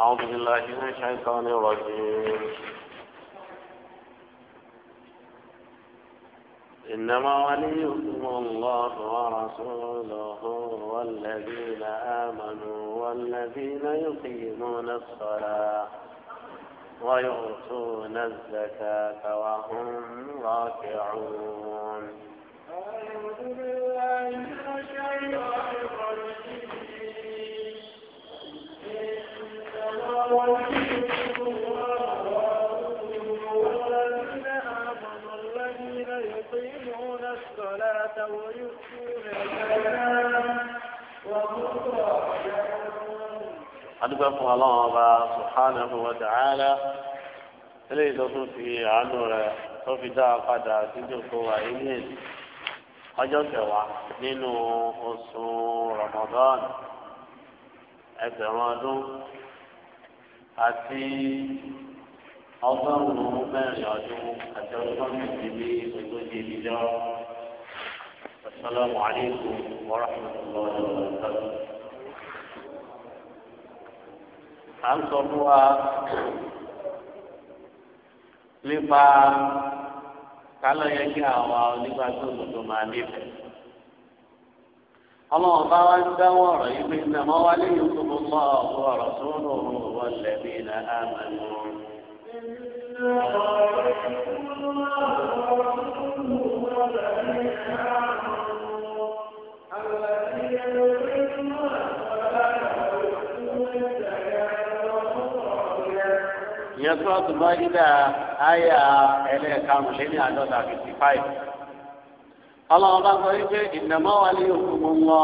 أعوذ بالله من الشيطان الرجيم إنما وليكم الله ورسوله والذين آمنوا والذين يقيمون الصلاة ويؤتون الزكاة وهم راكعون أعوذ بالله من الشيطان الرجيم adúgbò fún ọlọ́run ọba subhanahu wa ta'ala eléyìí tó tún fi àánú rẹ̀ tó fi dá padà síjú kó wà ilé ọjọ́ kẹwàá nínú oṣù Ramadan ẹgbẹ̀rún ọdún àti ọgọ́rùn-ún mẹ́rin ọdún àti ọgọ́rùn-ún ìdílé ogójì ìdíjọ́. Assalamu alaikum wa rahmatullahi wa barakatuh. à ń sọ fún wa nípa kálọ̀ yẹ kí ma onígbà tó lòdò máa níbẹ̀. ọlọ́run bá wá ń dáwọ́ ọ̀rọ̀ yìí pé ìtàmọ́ wa léyìn tó mú mọ́ ọ̀pọ̀ ọ̀rọ̀ tó ìyẹn tó ọ̀tún bá dídá àyà ẹlẹ́ẹ̀karùn-ún lé ní àádọ́ta fifty five. ọlọ́run bá sọ wípé ìnàmọ́ wa ní òkú mu ń lọ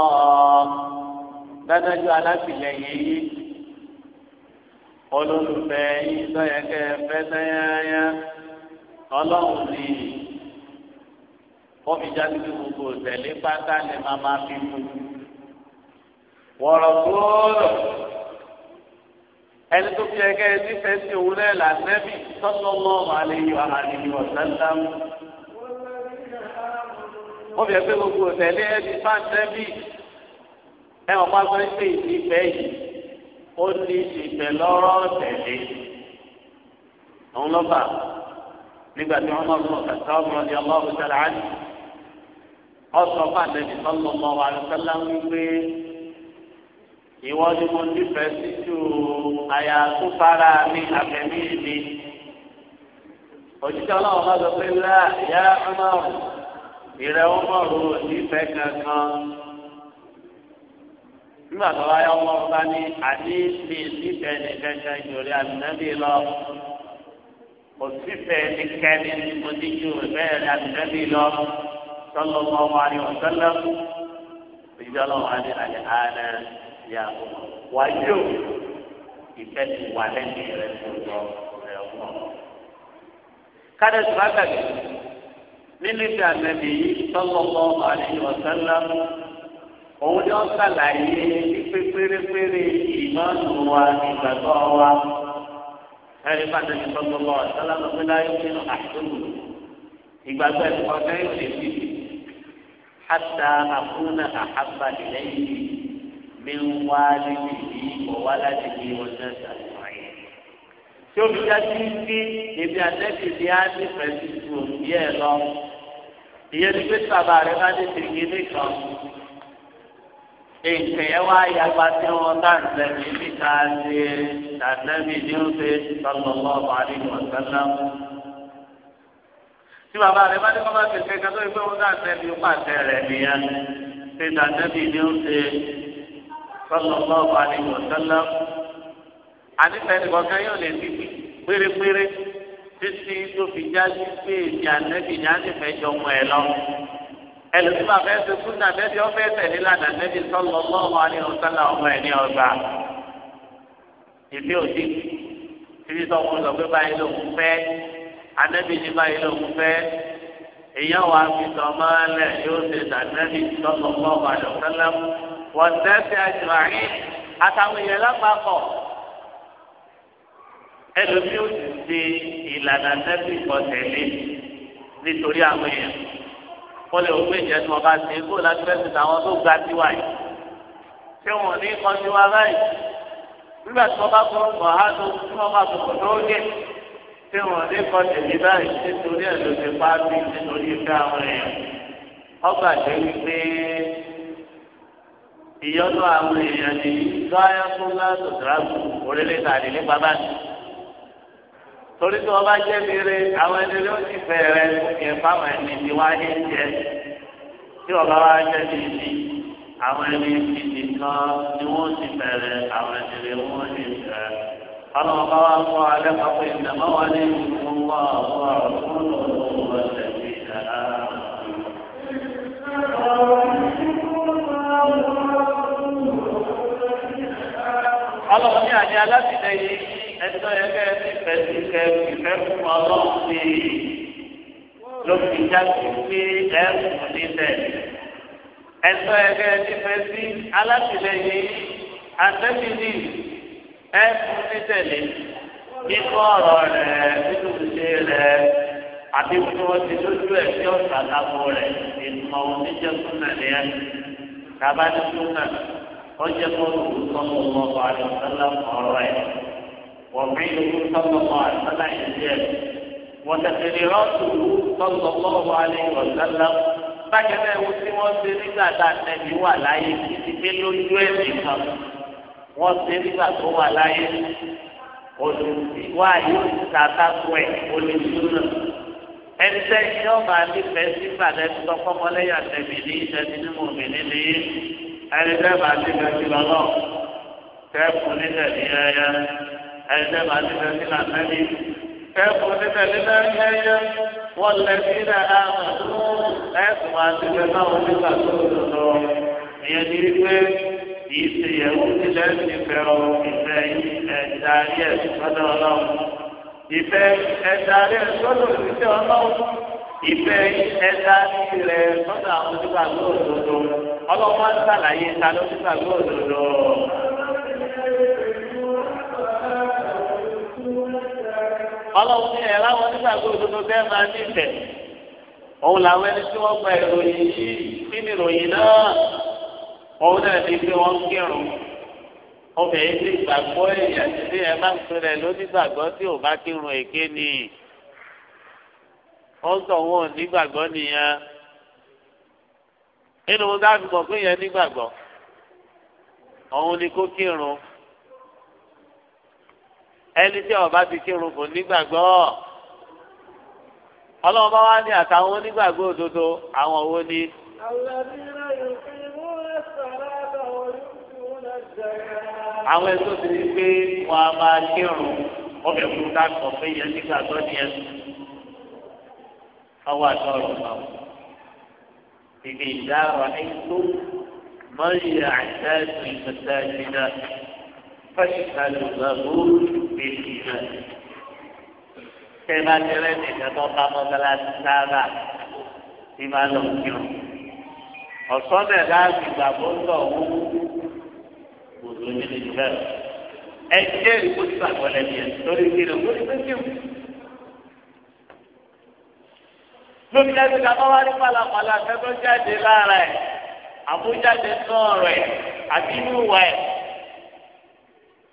dájú alátìlẹyìn yìí olólùfẹ́ yìí sọ́yẹ́kẹ́ fẹ́ sẹ́yẹ́yẹ́ ọlọ́run ní kọ́mi ní gbogbo ìtẹ̀lé pátá ni màmá fi mú wọ̀rọ̀ gbóòrò ẹni tó fi ẹgẹ ẹni fẹẹ sí òun náà là nẹbi sallallahu alaihi wa alihi wa sallam. wọ́n fi ẹgbẹ́ gbogbo tẹ̀lé ẹni bá nẹbi ẹ wọ́n bá sọ pé ìfẹ́ yìí ó ní ìfẹ́ lọ́rọ́ tẹ̀lé. òun ló bà nígbà tí wọ́n máa sọ kàtà ọmọ ní ọlọ́run sálà á ní. ọ̀sán fún àtẹ̀jì sallallahu alaihi wa gbé ìwọ ni mo nífẹ̀ẹ́ sí ju àyà tó fara ní àfẹ́mí mi. òjijì ọlọ́run bá sọ pé ńlá ìyá ọmọrùn ìrẹ́ ọmọrùn nífẹ̀ẹ́ kankan. nígbà tó wáyé ọmọrùn bá ní àní mi nífẹ̀ẹ́ nìkankan ìjòrè àmìnábì lọ. kò sífẹ̀ẹ́ nìkẹ́ni ni mo ní ju bẹ́ẹ̀ ni àmìnábì lọ. sọlọ́mọ wa ni ọ̀sán lẹ́kùn. òjijì ọlọ́run wá ní àlẹ́ àná. ìyá wáyé o ìfẹ́ ti wà lẹ́yìn rẹ̀ tó lọ rẹ̀ káde tó bá gbàgbé nínú ìfẹ́ àmẹ́bí yìí àdéhùn ọ̀sánlá òun ni wọ́n sàlàyé pípé pérépéré ìmọ̀nù wa ìgbàgbọ́ wa. ẹ̀rí pàtó ti ọ̀sánlá ló fi láyé nínú ìgbàgbọ́ ẹ̀kọ́ yóò lè fi hàtà àkúnà yìí. mi ń wá níbi ìlú ọ̀wá láti fi wọn náà ṣàtúnwá yẹn. tí omi já sí sí ibi àtẹ́sí ti á ní pẹ̀lú ìlú òbí ẹ̀ lọ. ìyẹn ti pé sábà rẹ bá dé tìrìkì nìkan. èkè ẹ wá yàgbá tí wọn bá ń sẹ́mi níta ṣe tàbí ní oṣù sallallahu alaihi wasallam. tí bàbá rẹ bá dé kọ́ bá tẹ̀sẹ̀ kátó ìgbé wọn dá sẹ́mi pàṣẹ rẹ̀ nìyẹn. ṣe tàbí ní oṣù sallallahu alaihi wasallam ànífẹ̀ẹ́ni kankan yóò lè fi pérépéré títí tó fi jáde pé èdè ànẹ́bì ní ànífẹ̀ẹ́ jọ mọ́ ẹ lọ. ẹlòmí máa fẹ́ ṣe fún ànẹ́bì ọ̀fẹ́ tẹ̀lé lànà ànẹ́bì sallallahu alaihi wasallam ọmọ ẹ̀ ní ọgbà. ìdí òdì títí tó kún lọ pé báyìí lòun fẹ́ ànẹ́bì ní báyìí lòun fẹ́ èèyàn wàá fi tọ́ mọ́ ẹ lẹ̀ yóò ṣe tànẹ́bì sallallahu alaihi wasallam wọ́n dẹ́sẹ̀ àjùmáyé àtàwọn èèyàn lápapọ̀ ẹlòmíì ò sì ṣe ìlànà nẹ́bí ìkọ̀tẹ̀lé nítorí àwọn èèyàn wọ́n lè wọ́n gbèjẹ́ tí wọ́n bá ṣe kó láti fẹ́sẹ̀ táwọn tó ga tiwa yìí ṣé wọ́n ní kan tiwa báyìí nígbà tí wọ́n bá kọ́ ọ̀gbọ̀n á tó tí wọ́n bá tó kọ́ tó yẹ ṣé wọ́n ní kan tẹ̀lé báyìí nítorí ẹ̀ ló ti pa á bí nítorí ìfẹ́ àwọn èèyàn ọgbà jẹ́ wípé ìyọ́nú àwọn èèyàn ní lọ́yà fún láàtò dráàbù orílẹ̀-èdè àdìní bàbá mi. torí tí wọ́n bá jẹ́ mire àwọn ẹni ló ti fẹ̀rẹ̀ yẹn fáwọn ẹni tí wọ́n á yé jẹ tí wọ́n bá wá jẹ́ ní ibi àwọn ẹni ti ti kan ni wọ́n ti fẹ̀rẹ̀ àwọn ẹni lè wọ́n ti fẹ̀. ọlọ́wọ́ bá wá kọ́ alẹ́ pàpọ̀ ìdàmọ́ wa ní ìlú wa ọ̀rọ̀ fún ọ̀rọ̀ ọ̀rọ̀ ọ̀rọ̀ ọlọ́run ní àní alásìlẹ̀ yìí ẹ̀tọ́ yẹn kẹ́ fífẹ́ sí kẹ́ fífẹ́ fún ọlọ́run sí i ló fi já sí pé ẹ̀sùn níbẹ̀ ẹ̀tọ́ yẹn kẹ́ fífẹ́ sí alásìlẹ̀ yìí àtẹ́bìlì ẹ̀sùn nítẹ̀lé nínú ọ̀rọ̀ rẹ̀ nínú ìṣe rẹ̀ àti bí wọ́n ti lójú ẹ̀ sí ọ̀sán àbò rẹ̀ ìmọ̀ oníjẹ́sùn náà ni ẹ̀ tàbá ní ọjọ́ kọ́ọ̀lù sọ́mọ́ ọmọ àdìsọ́lá ọ̀rọ̀ ẹ̀ wọ̀bìnrin ló sọ́mọ́ ọmọ àdìsọ́lá ìjẹ́ wọ̀tẹ̀tẹ̀lẹ̀ rọ́ọ̀tù sọ́mọ́ ọmọ àdìsọ́lá bákẹ́ náà ewu tí wọ́n ṣe nígbà tá a tẹ̀lé wà láyé títí pé lójú ẹ̀mí kan wọ́n ṣe nígbà tó wà láyé olùsíwáyé tàtà tó ẹ̀ olùsúnà ẹni tẹ́ ìṣọ́ máa nífẹ̀ẹ́ sígbà lẹ́nu tọ́kọ́mọlẹ́yà tẹ̀mí ní ìṣẹ́ni nínú òmìnir ẹni tẹ́ bá ti fẹ́ sí lọ́lọ́ tẹ́kùn nítẹ̀lé yẹyẹ ẹni tẹ́ bá ti fẹ́ sí làmẹ́lì tẹ́kùn nítẹ̀lé yẹyẹ wọ́n lẹ sí dáadáa ẹ̀sùn máa ti fẹ́ sáwọn nígbà tó lọ ìyẹn ní wípé kì í ṣe yẹ̀wò nílẹ̀ ìfẹ́ ọ ìfẹ́ ẹ̀dá yẹ̀ lọ́dọ̀ ìfẹ́ ẹ̀dá yẹ̀ lọ́dọ̀ ìfẹ́ ọlọ́run ìfẹ́ ẹ̀dá yẹ̀ lọ́dọ̀ àwọn nígbà tó lọ ọlọ́pàá ń sàlàyé ta ló ti sàgbé òdodo. ọlọ́run ní ẹ̀rọ àwọn onígbàgbọ́ òdodo bẹ́ẹ̀ máa ní ìfẹ́ òun làwọn ẹni tí wọ́n gba ìròyìn yìí kí ìròyìn náà òun náà ní pé wọ́n kírun obìnrin ti gbàgbọ́ èèyàn tí ẹ bá ń pinnu ẹ̀ lónígbàgbọ́ tí ò bá kírun èké ni ó ń tọ̀ wọ́n nígbàgbọ́ nìyẹn nínú wọn dáàbò mọ̀ pé yẹn nígbàgbọ́ òun ni kó kírun ẹni tí ó bá ti kírun kò nígbàgbọ́ ọlọ́run bá wá ní àtàwọn onígbàgbọ́ òdodo àwọn owó ní. àwọn èso ti di pé wọn a máa kírun ọbẹ̀ kúrú dáàbò pé yẹn nígbàgbọ́ ni ẹ ọwọ́ àti ọ̀rọ̀ náà. إذا رأيتم من يعتاد المساجد فاشهدوا له بالإيمان كما ترين يتوقع مثلا سابع فيما لم يكن ọ̀sọ́dẹ̀ láti gbàgbọ́ ń lọ wú gbòdò nílé jùlọ ẹ jẹ́ ìkóṣù àgbọ̀lẹ̀ yẹn lórí kí ló ń gbé lóbi jáde ká bá wá ní pàlàpàlà kẹtọ jáde lára ẹ àbújáde náà rẹ àbí inú wa ẹ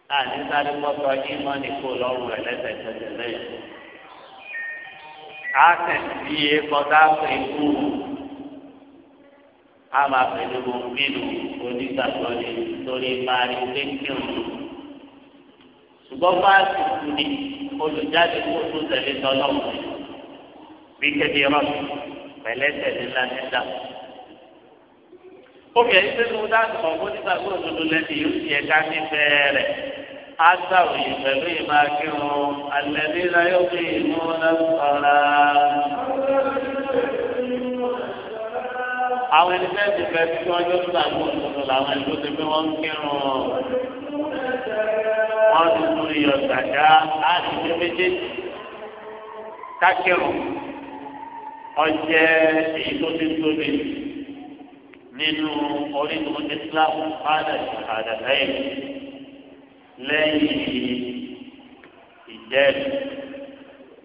láàrin sáré mọtò ìmọ̀ ní kó lọ́rùn rẹ lẹ́sẹ̀kẹsẹ̀ lẹ́yìn àtẹ̀sí kọjá pé kú a máa pẹ̀lú bòmínú onígbàgbọ́ ni torí máa rí lẹ́kìn ṣùgbọ́n bá a sì kú ni olùjáde kó tó tẹ̀lé tọ́lọ́mù rẹ̀ bí kẹ́bi rọ́ọ̀tì pẹ̀lẹ́sẹ̀ nílá níta. obìnrin tí mo dáàbò mọ̀ fún nígbà tó dodo lẹ́nu yóò ti ẹ̀ka ní bẹ́ẹ̀rẹ̀ á sàròyé pẹ̀lú ìmàkírun alẹ́ nílá yóò fi ìmúná sọ̀rọ̀. àwọn ẹni fẹ́ẹ́ ti fẹ́ẹ́ fi ọjọ́ tó dàgbò òdodo làwọn ẹni tó ti fi wọ́n ń kírun wọ́n ti tún iyọ̀ gbàdá á ti fi méjèèjì kákírun ọjẹ èyí tó ti tóbi nínú orísun islam fada ìhàdà lẹ́yìn lẹ́yìn ìjẹ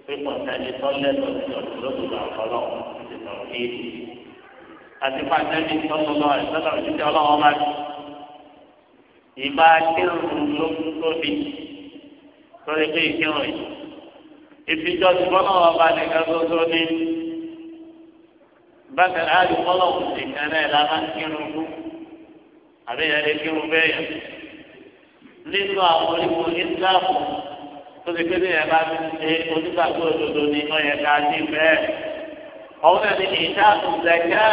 pípọ̀ sẹ́ni tọ́lẹ́tọ̀ ti ọ̀dọ́ lọ́dún àkọlọ́ ti sọ̀rọ̀ ní ìlú àti pàtẹ́ni tọ́lọ́lọ́ ìsọ́lọ́ ìdíje ọlọ́wọ́ máa ti ìbá kírun ló ń tóbi lórí pé ìkírun yìí ìfijọ́ ti bọ́ náà wọ́n bá nìkan tó tó ní bákan áàlù mọ́lọ́kù nìkan náà la máa ń kírun kú àbí ìyá lè kírun bẹ́ẹ̀ yẹn nínú àwọn onímọ̀ ìsìláàmù tó ti kéde yẹn bá ṣe onígbàgbọ́ òdodo ní ọ̀yẹ̀ ká ní bẹ́ẹ̀ ọ̀hún náà ní zẹ̀kẹ́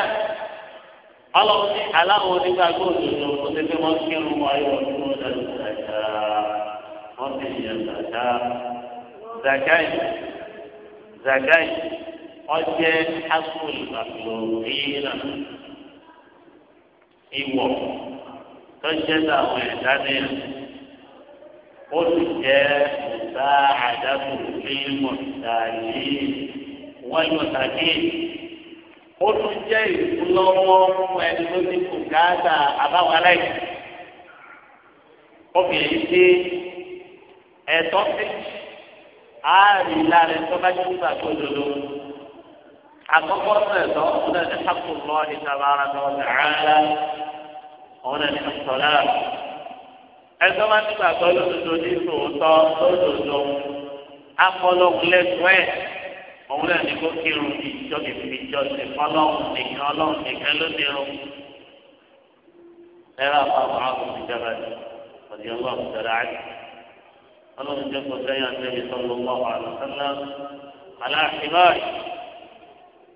ọlọ́run ní aláwọ̀ onígbàgbọ́ òdodo tó ti fi wọ́n kírun wáyé wọn tó ń zẹ̀kẹ́ wọ́n ti yẹ zẹ̀kẹ́ zẹ̀kẹ́ ọjẹ asúlù àgbòrìnà ìwọ tọjẹ táwọn ẹ̀dá nìyà ó sì jẹ ọ̀tá àdàbòrì mọ̀tàlì wáyé mọ̀tàlì ó tún jẹ ìfúnlọ́wọ́ fún ẹni tó ti kù káàtà àbáwọn obìnrin tí ẹ̀tọ́ sí àárín lára ẹ̀tọ́ bá jẹ nígbà tó dodo àkọ́kọ́ sẹ̀tọ́ ọ̀nà ní hàkùnmọ́ ìtàbára tó dàrá ọ̀nà ní sọ̀lá. ẹ̀sọ́ máa ń gbà tó lódodo ní tòótọ́ lódodo akọlọ́hún lẹ́sùn ẹ̀ òun náà ní kó kírun ìjọ ìfìjọ ìfọlọ́hún nìkan ọlọ́hún nìkan ló ní irun. ẹ̀rọ àpapọ̀ àwọn ìjọba ọ̀dì ọlọ́run tẹ̀lé àjẹ́ ọlọ́run jẹ́ kó sẹ́yìn àti ẹ̀mí sọ́lọ́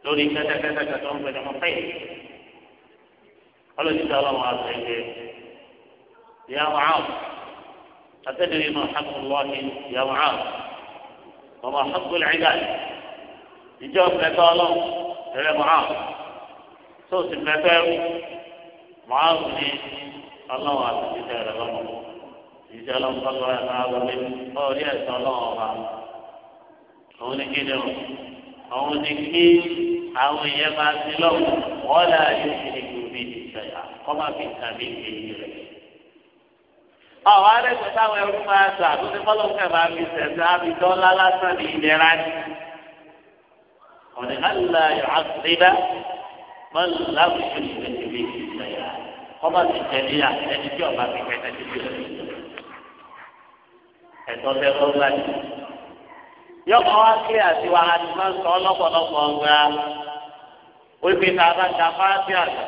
lórí kẹ́tẹ́kẹ́tẹ́ kẹ́tọ́ ń pè ní ọmọkẹ́ yìí ọlọ́dún sọ̀rọ̀ wọn àti ẹgbẹ́ ìyá wọn àwọn àtẹ́dẹ́rì mọ̀ àkùnlọ́ọ̀hì ìyá wọn àwọn ọmọ àkùnlẹ̀ ẹ̀dá ìjọ pẹ̀tọ́ ọlọ́run ẹ̀rẹ́ mọ̀ àwọn tó sì pẹ̀tọ́ ẹ̀rú mọ̀ àwọn ní ọlọ́run àti ìjọ ẹ̀rẹ́ lọ́mọ ìjọ ọlọ́run kọ́ lọ́wọ́ ẹ̀rọ àwọn mi ọ̀rí ẹ̀sọ́ ọlọ́run ọba òun ní kí ni òun ní kí àwọn èèyàn máa ti lọ́wọ́ wọ́n là yóò fi lè gbòó mi ìṣẹ̀yà kọ́ máa fi nǹkan mi èyí rẹ̀. ọ̀wá rẹ̀sọ̀ táwọn ẹrú máa sọ àtúntí fọlọ́nkẹ́ máa fi ní ìlera ni. ọ̀nà àlá yọ̀ọ́sídá máa ń láwùjọ ìṣẹ̀lẹ̀ ìṣẹ̀yà kọ́ máa fi tẹ̀lé ẹni tí ọba fi kẹ́kẹ́ ti fi ẹ̀tọ́ tẹ́ lọ́gbàdì. sọ wípé tá a bá ta fáàtì àgbà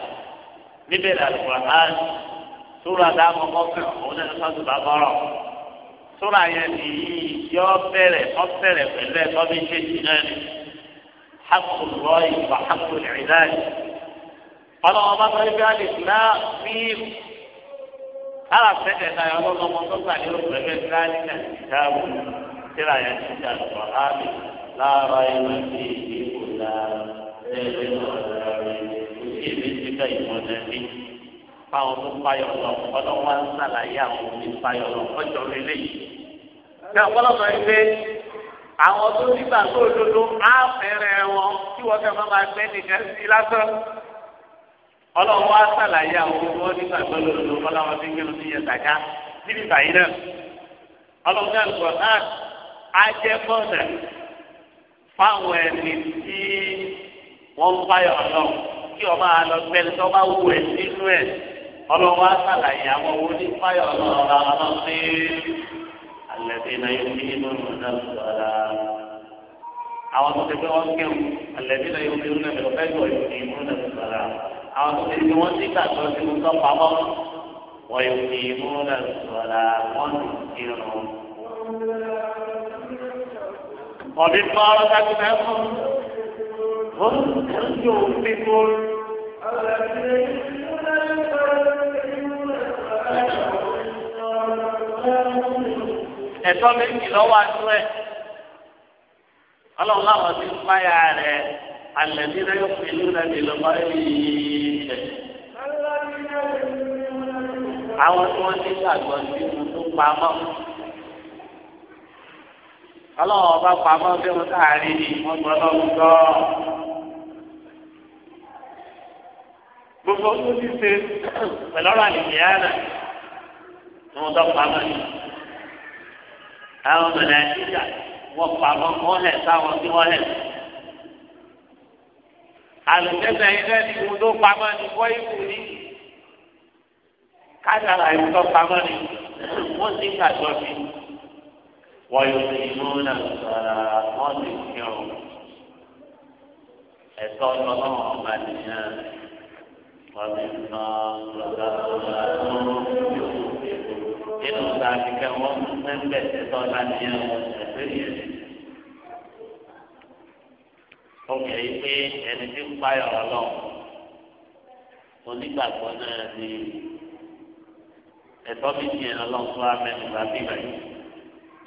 níbẹ̀ làlùkò án súra dáàmú ọ̀fẹ́ òun náà sọ́sù bá bọ́rọ̀ súra yẹn nìyí yọ bẹ̀rẹ̀ ọ̀fẹ́rẹ̀ pẹ̀lú ẹ̀tọ́ méjèèjì náà ni hakùnrọ̀ ìgbà hakùnrọ̀ ìdáyì ọlọ́wọ́ bá sọ wípé alẹ́ ìlà fíìmù ala fẹsẹ ta yọ lọ tó gbà ní oṣù ẹgbẹ tí a ní ká yẹn ti dà lọ ìdí síkà ìmọ̀lẹ́bí fáwọn tó fáyọ̀ lọ ọlọ́wọ́ ń sàlàyé àwọn tó fáyọ̀ lọ ọjọ́ lélẹ̀ yìí. ṣé ọ̀pọ̀lọpọ̀ yìí pé àwọn tó nígbà tó dodo á fẹ́rẹ̀ wọn tí wọ́n fẹ́ máa máa gbẹ́ nìkan sí lásán. ọlọ́wọ́ á sàlàyé àwọn tó wọ́n nígbà tó dodo ọlọ́wọ́ ti gbé lóṣìṣẹ́ sàká níbi ìbàyí náà. ọlọ́wọ́ náà lọ náà á jẹ́ fáwọn ẹni tí wọ́n ń báyọ̀ ọ̀dọ́ kí ọba àlọ́gbẹ́ni tó bá wù ẹ̀ nínú ẹ̀ ọlọ́wọ́ àtàlàyé àwọn owó ní báyọ̀ ọ̀dọ́ ọlọ́run ní alẹ́bí náà yóò fi inú ọ̀nà sọ̀rọ̀ àwọn tó ti pé wọ́n kéwù alẹ́bí náà yóò fi inú ọ̀nà sọ̀rọ̀ bẹ́ẹ̀ yóò fi inú ọ̀nà sọ̀rọ̀ àwọn tó ti pé wọ́n ti gbàgbọ́ sí inú sọ́pamọ́ wọ́n yóò fi inú ọ̀nà sọ̀rọ̀ wọ́n ti kírun. ọ̀dí هم أنتم بكم ẹ̀tọ́ méjì lọ́wọ́ adú ẹ Ọlọ́run láwọn ti ń páyà rẹ alẹ nílẹ yóò fi ìlú rẹ nílò bá yìí rẹ àwọn tí wọn ti gbàgbọ́ sí ìlú tó pamọ́ ọlọ́run ọba pamọ́ bí wọ́n sáàárín ni wọ́n lọ́wọ́ gbọ́. gbogbo tó ti ṣe pẹ̀lú ọ̀rọ̀ àlìyé àná ni wọ́n tọ́ pamọ́ ni. àwọn ọmọ nàìjíríà wọ́n pamọ́ wọ́n lẹ̀ sáwọn tí wọ́n lẹ̀. àlùfẹ́sẹ̀ yìí ni mo tó pamọ́ ni wọ́n ìkù ni. kájà làyè tó pamọ́ ni wọ́n ti gbàgbọ́ mi. ويقيمون الصلاة وذكرهم أتوقع مدينة ومما رزقناهم إنه ذلك ومن بيتنا مدينة obìnrin pé ẹni tí ń payọ̀ ọlọ́run onígbàgbọ́ náà ni ẹ̀tọ́ mi ti ẹ̀ ọlọ́run tó wá mẹ́nu bá bí báyìí.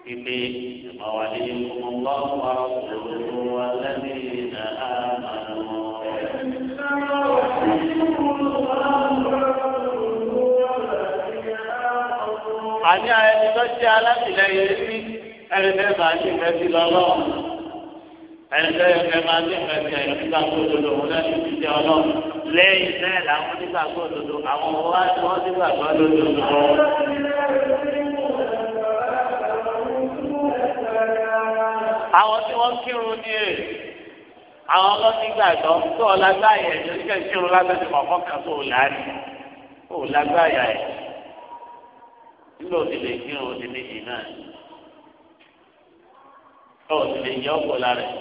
إذا وليكم الله ورسوله والذين آمنوا àní ẹni tó jẹ́ alátìlẹyìn rí ẹni tẹ́ máa ní ìfẹ́ sí lọ́lọ́run ẹni tẹ́ ìfẹ́ máa ní ìfẹ́ sí ẹ̀yọ́ nígbà tó dodo òun náà ti jẹ́ ọlọ́run lẹ́yìn náà làwọn nígbà tó dodo àwọn ọmọ wa ti wọ́n nígbà tó dodo àwọn tí wọ́n kírun ní èrè àwọn ọlọ́sìn gbàgbọ́ tó ọlágbáyà ẹ̀ lórí kẹ́ kírun lábẹ́sẹ̀ kọ̀ọ̀kan kan tó láàrin tó lágbáyà ẹ̀ nígbà òsì lè kírun òsì méjì náà tó òsì lè yẹ ọ̀pọ̀ lára ẹ̀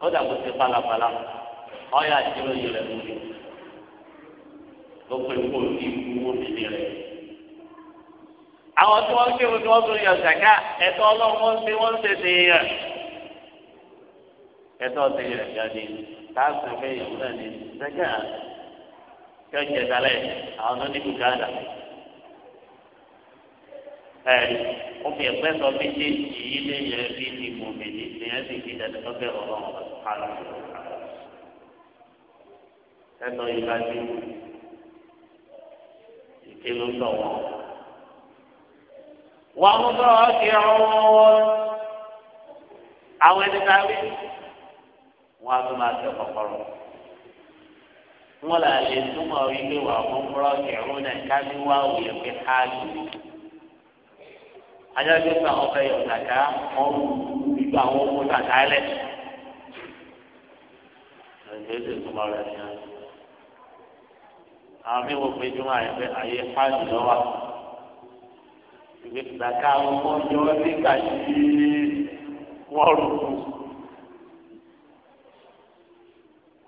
kódà kó ti palapala ọ̀yà àti ìròyìn rẹ̀ lórí ló pé kó o ní ikú wọ́n mi ní rẹ̀ àwọn tí wọ́n ń kéwòn tí wọ́n tún yọ zaka ẹ̀tọ́ ọlọ́run wọ́n ṣe wọ́n ṣe ṣe yẹ ẹ̀tọ́ ṣe yẹ jáde káàkiri fẹ́ yẹ̀wò náà ní zaka kí ọjà ìdálẹ̀ àwọn tó ní bùkátà ẹ̀ omi ẹ̀pẹ́ sọ méjèèjì yìí lè yẹ bí ní mòmìnì ní ẹ̀sìn kí dandan tó bẹ̀rẹ̀ ọlọ́run kálọ̀ ẹ̀tọ́ yìí bá dé ìkéwòn lọ́wọ́ wà á múdúrà ọ̀kẹ́ ọ̀hún àwọn ẹni ká rí wọn á tó máa tẹ kọ́kọ́rọ́ wọn là lè túmọ̀ ilé wà á múdúrà ọ̀kẹ́ ọ̀hún náà kábí wá òye pé ká lù ajáde sọ àwọn ọ̀fẹ́ yọ̀ kàkà ọ̀hún gbígbà àwọn ọmọ kàkà lẹ̀ ẹ̀ẹ́dẹ̀ túmọ̀ pé jùmọ̀ àyẹ̀fẹ́ àyè ká lù lọ́wọ́ ìwé ìgbàgbà ọmọ yọ nígbà tí wọ́n rò ó.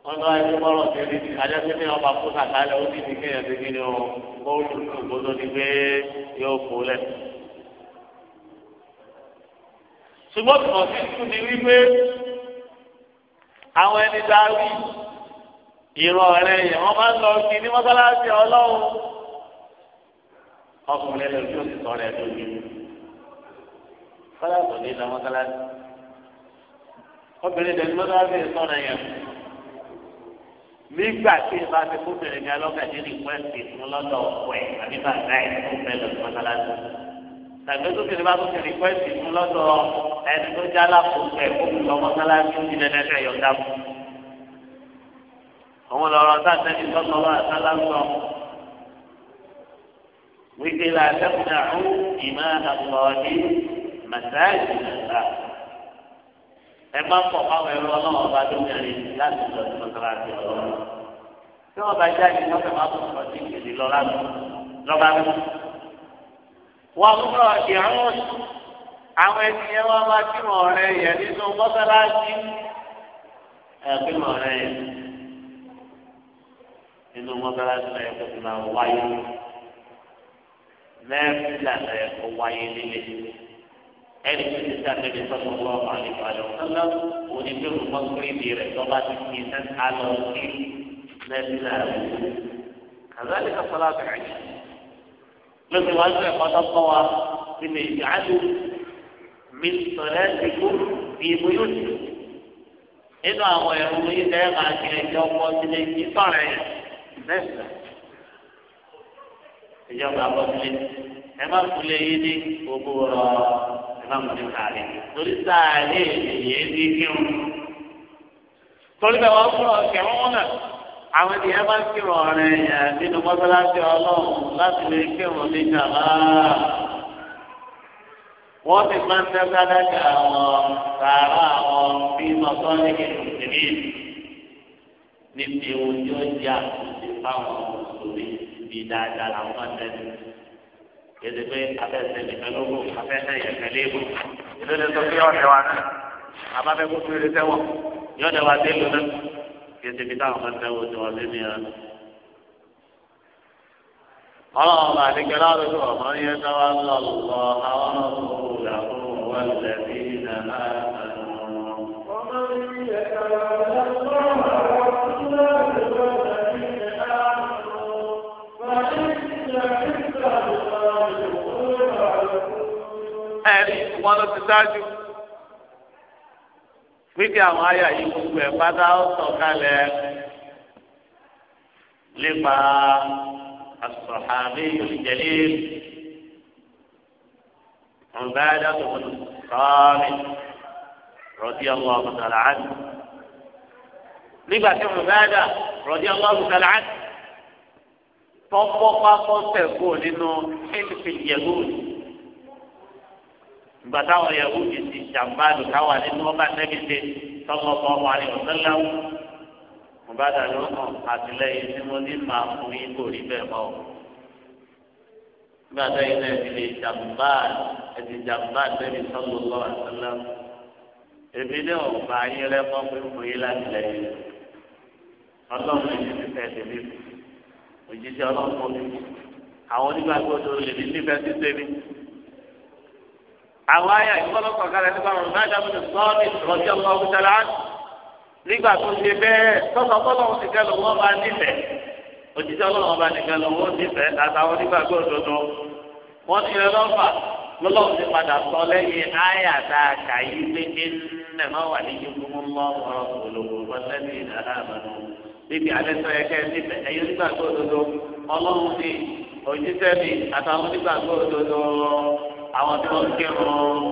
wọ́n lọ ẹni mọ́rọ̀ tẹ́lẹ̀ ní adẹ́sẹ́ ní ọba fún sàkálẹ̀ ó sì ní kéèyàn ti kíni o ó rò ó gbọ́dọ̀ ní pé yóò kó lẹ̀. ṣùgbọ́n tọ̀ sí tún ni wípé àwọn ẹni dárí ìrọ̀ rẹ̀ yẹn wọ́n máa ń lọ sí ní mọ́sálásí ọlọ́run ọkùnrin lọ sí òtítọ́ rẹ̀ lórí kọ́lá kò ní lọ mọ́sálásí obìnrin lè lọ́dọ̀ wá bẹ̀rẹ̀ sọ̀rọ̀ yẹn nígbà tí ìbá ti kó bẹ̀rẹ̀ ní alọ́kàdé ní pẹ́ẹ́sì fún lọ́dọ̀ ọ̀pọ̀ ẹ̀ àbí bàbá ẹ̀ tó fẹ́ lọ sí mọ́sálásí tàbí tó kiri bá tó kiri pẹ́ẹ́sì fún lọ́dọ̀ ẹni tó já lápòkò ẹ̀ kó lọ mọ́sálásí ó ti lẹ́nu ẹ̀fẹ́ yọ̀ọ̀dá fún. òun lọ̀rọ̀ sáà wípé la tẹ́kùnà fún ìmọ̀ àgbọ̀ọ́dí màsáàjì nàìjíríà. ẹ má pọ̀ fáwọn ẹ̀rọ náà bá tó kẹrin láti lọ sí mọ́sálásí ọlọ́run. tí wọ́n bá jáde wọ́n fẹ́ máa tó sọ sí ìpèsè lọ lánàá lọ́ba mú. wọ́n mú lọ ìrún àwọn ènìyàn wọn máa tí wọn ọ̀rẹ́ yẹn nínú mọ́sálásí ẹ̀ wọn ọ̀rẹ́ yẹn nínú mọ́sálásí náà yẹ kó ti máa wáyé nẹ́ẹ̀fìlà rẹ̀ kó wáyé nílé ẹni tó ti sá níbi sọ́kò wọ́n wà ní ìbàdàn kọ́lá òní pé òun mọ́kúrì bì rẹ̀ lọ́ba ti fi iṣẹ́ ká lọ sí nẹ́ẹ̀fìlà rẹ̀ kàzáàlì kàfọ́lá bẹ̀rẹ̀ yìí lóṣù wá sí ẹ̀kọ́ tó kọ́ wa sí lè jàdù mí sọ̀rẹ́ ti kú bí ibo yóò ti nínú àwọn ẹ̀rù yìí lẹ́ẹ̀ máa jẹ ẹjọ́ pọ̀ sílé yìí sọ̀rẹ́ yẹn lẹ́sẹ̀ ìjọba abọ́sílẹ̀ ẹ má kulẹ̀ yín ní gbogbo rọ ẹ má mú ní sàárè torí sàárè èyí ní kírun torí bẹ́ẹ̀ wọ́n kúrò kẹwọ́n wọn náà àwọn ènìyàn bá ń kírun ọ̀rẹ́ nínú mọ́sálásí ọlọ́run láti lè kírun ní jàmbá wọ́n ti máa ń tẹ́ sádájà àwọn sàárà àwọn bí mọ́sálásí ìlú tèmí níbi oúnjẹ ọjà ìfáwọn mùsùlùmí ibi dáadáa làwọn máa tẹ̀lé yéde pé abẹ́sẹ̀ nìkan ló gùn abẹ́sẹ̀ yẹn tẹ̀lé ibù ìlú ni sọ pé ọ̀dẹ̀ wa náà abáfẹ́ kó fèrè sẹ́wọ̀n yọ̀dẹ̀ wa dé lónà yéde ibi táwọn máa tẹ̀wọ̀ tó wọn lé ní ẹran. ọlọ́run bá àdékẹ́ láàrú tó ọmọ yẹn sáwá lọ lọ àwọn ọkùnrin ẹ̀rí wọn ló ti ṣáájú wípé àwọn àyà yìí gbogbo ẹ̀ pátá ó sọ̀kalẹ̀ nípa asọ̀hábí ìjẹ́lẹ̀ ọ̀gáyàdá tó wọn sọ́ọ́mì rọ̀dí ọlọ́ọ̀bù tàlà áàdì. nígbà tí ọ̀gáyàdá rọ̀dí ọlọ́ọ̀bù tàlà áàdì tọ́pọ́ pápọ́ tẹ̀ kó nínú ẹ̀ńtìfìlì yẹ̀gúrì ìgbà táwọn yẹ̀wò ti ti ṣàǹbá lò táwọn nínú ọba nẹ́bí ṣe tọ́kọ fún ọmọ àlè ọ̀sẹ́lá mo bá dà lọ́nà àtìlẹ́yìn tí mo ní máa fún yín kò rí bẹ́ẹ̀ mọ́ nígbà tó náà ti lè ṣàǹbá ẹ̀dì ṣàǹbá nẹ́bí tọ́kọ fún ọ̀sẹ́lá èmi náà bá yín rẹ́ mọ́ pé mo yín látìlẹ́yìn ọlọ́run yìí ti fẹ́ tèmi òjijì ọlọ́run mi àwọn onígbàgbọ́dọ̀ lè ní sí tèmi àwọn àyà ìfọlọ́kọ̀ kalẹ̀ nípa àwọn ọ̀gá àdàmú ní sọ́ọ̀nì rọ̀bí ọ̀gá ọ̀gá nígbà tó ṣe bẹ́ẹ̀ tọ́sọ̀ fọlọ́wọ́ ti kẹ́ lọ́wọ́ bá nífẹ̀ẹ́ òjijì ọlọ́wọ́ bá nìkan lọ́wọ́ nífẹ̀ẹ́ àtàwọn onígbàgbọ́ òdodo wọ́n ti rẹ lọ́fà lọ́lọ́wọ́ ti padà sọ lẹ́yìn àyà tá a kà yí pé kí nnẹ̀ má wà ní yíkúmú lọ́wọ́ olówó pẹ́sẹ́ntì ìdáhàmánú bíbi alẹ́ sọ yẹ àwọn tí wọ́n ń kírun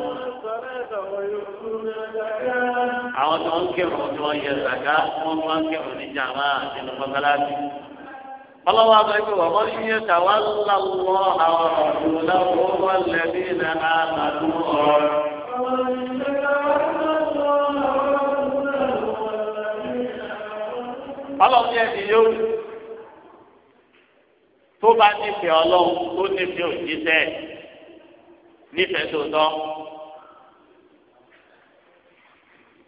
àwọn tí wọ́n ń kírun tí wọ́n yẹ zàká wọ́n tí wọ́n ń kírun ní jàmá nínú mọ́sálásí. ọlọ́wọ́ abẹ́gbẹ́ wà wọ́n yẹ tàwa lọ́wọ́ àwọn ọ̀dùn lọ́wọ́ wọn lẹ́bí náà àmàlú ọ̀rọ̀. ọlọ́run yẹn ti yóò tó bá nífẹ̀ẹ́ ọlọ́run tó nífẹ̀ẹ́ òjíṣẹ́ nífẹ̀ẹ́ tó tọ́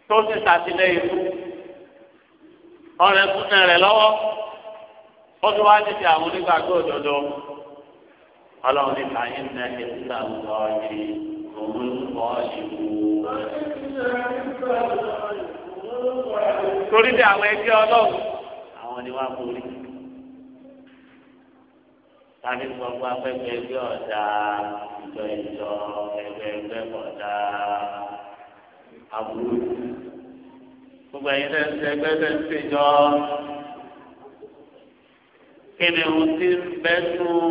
tó sì ṣàtìlẹ́yìn fún ọ̀rẹ́ fúnẹ rẹ̀ lọ́wọ́ ó tún wá ní ti àwọn onígbàgbọ́ òdodo ọlọ́run ní ká yín náà ní ìlú àwùjọ yìí òun kọ́ ìlú. torí bí àwọn ẹgbẹ́ ọlọ́run àwọn ni wọ́n á borí tàbí gbogbo afẹ́fẹ́ bí ọ̀dà ìjọ ìjọ ẹgbẹ́ ẹgbẹ́ ọ̀dà àbúrò gbogbo ẹ̀yin tẹ̀sí ẹgbẹ́ tẹ̀sí ìjọ kí ni ohun tí bẹ́ tún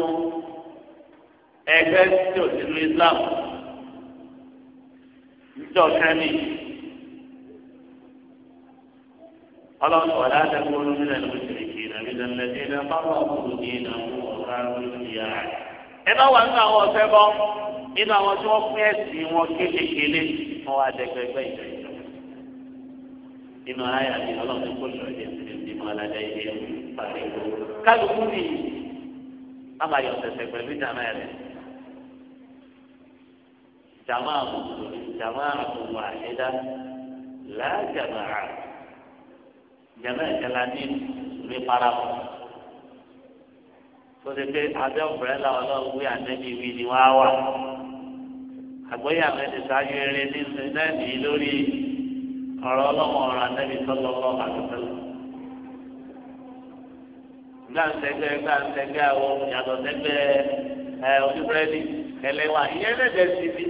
ẹgbẹ́ tí ò sí ní Islam ìjọ kẹ́ni ọlọ́run ọ̀dà àtẹ̀kùn olómìnira ló ń ṣe ìkìlọ̀ nílẹ̀ lẹ́sìn náà bá wà fún òdì náà wọ̀ ìyá rẹ̀. ẹ bá wà nínú àwọn ọ̀fẹ́ bọ́ nínú àwọn tí wọ́n pín ẹ̀sìn wọn kéékèèkéé wọn wá dẹgbẹgbẹ ìjọ ìjọ. nínú ayé àti ọlọ́run kò lọ ilé ìdílé ní mọ́ aládé ilé pàdé ìlú. kálukú ni bàbá yọ tẹ̀sẹ̀ pẹ̀lú jàmá rẹ̀. jàmá àbùkù jàmá àbùkù àyẹ̀dá làá jàmá jàmá ìjàlá ní tó ti pé abẹ́ ọ̀pẹ̀rẹ́ làwọn ọlọ́run wí ànẹ́bí wí ni wọ́n á wà. àgbóyè àmẹ́tì sáájú eré ní sinẹ́ẹ̀nì lórí ọ̀rọ̀ ọlọ́run ọ̀rọ̀ ànẹ́bí tọ́lọ́lọ́ àdúgbò. gbàǹsẹ̀gbẹ́ gbàǹsẹ̀gbẹ́ àwọn yàtọ̀ sẹ́gbẹ́ ẹ oníbúrẹ́dì ẹlẹ́wà ìyẹn lẹ́dẹ̀ sí mi.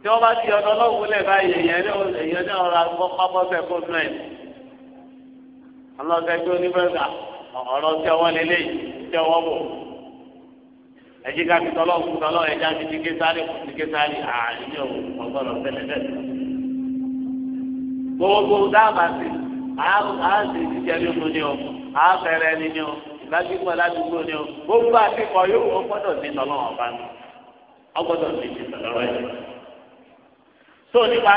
tí wọ́n bá ti ọ̀dọ́ ọlọ́run lẹ̀ báyìí èèyàn náà ọ̀rọ̀ àgbọ̀ ọ̀rọ̀ tí ọwọ́ lélẹ́yìí tẹ́wọ́ bò ẹjí ká fi fún ti sáré fún ti ké gbogbo dáàbà sí a sì ní omi ni o a ni o ìbágbépọ̀ aládùúgbò ni o gbogbo akẹ́kọ̀ọ́ yóò wọ́n gbọ́dọ̀ ní tọ́lọ́ ọ̀bá ni ọgbọ́dọ̀ ní ti tó nípa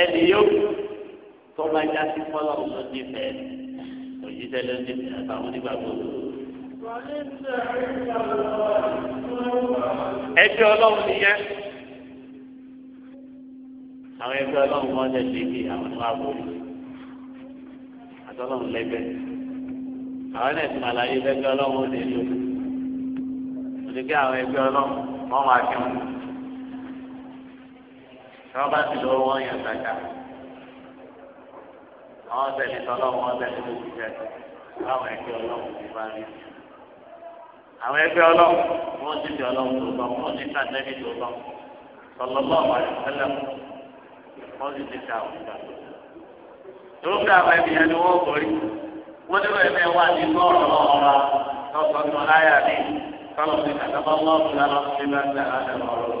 ẹnì yóò òjíṣẹ́ lẹ́sìn ní àtàwọn onígbàgbọ́. ẹgbẹ́ ọlọ́run nìyẹn àwọn ẹgbẹ́ ọlọ́run kan jẹ́ ṣèké àwọn tó wà bóyá àtọ́lọ́run lẹ́gbẹ́ àwọn ẹ̀sìn máa láyé lẹ́gbẹ́ ọlọ́run ó lè lò òdìgẹ́ àwọn ẹgbẹ́ ọlọ́run wọ́n máa kí wọn. tí wọ́n bá ti lọ́wọ́ wọn yàn sájà. àwọn ọ̀sẹ̀lẹ̀ tọ́lọ́wọ́ ọ̀sẹ̀lẹ̀ tó ti jẹ láwọn ẹgbẹ́ ọlọ́run ti bá rí. àwọn ẹgbẹ́ ọlọ́run wọ́n ti di ọlọ́run tó bọ́ wọ́n ti tàtẹ́bí tó bọ́ sọlọ́lọ́ àwọn ẹ̀sẹ̀lẹ̀ wọ́n ti ti ta àwọn ìgbà. lórúkọ àwọn ẹbí ẹni wọ́n borí wọ́n ní wọ́n ẹ̀mẹ́ wà ní gbọ́ọ̀rọ̀ ọ̀rọ̀ lọ́sọ̀tún láyà ní sọlọ́sìn àtàbọ̀lọ́ọ̀fù lára ṣẹlẹ̀ àti àdàmọ̀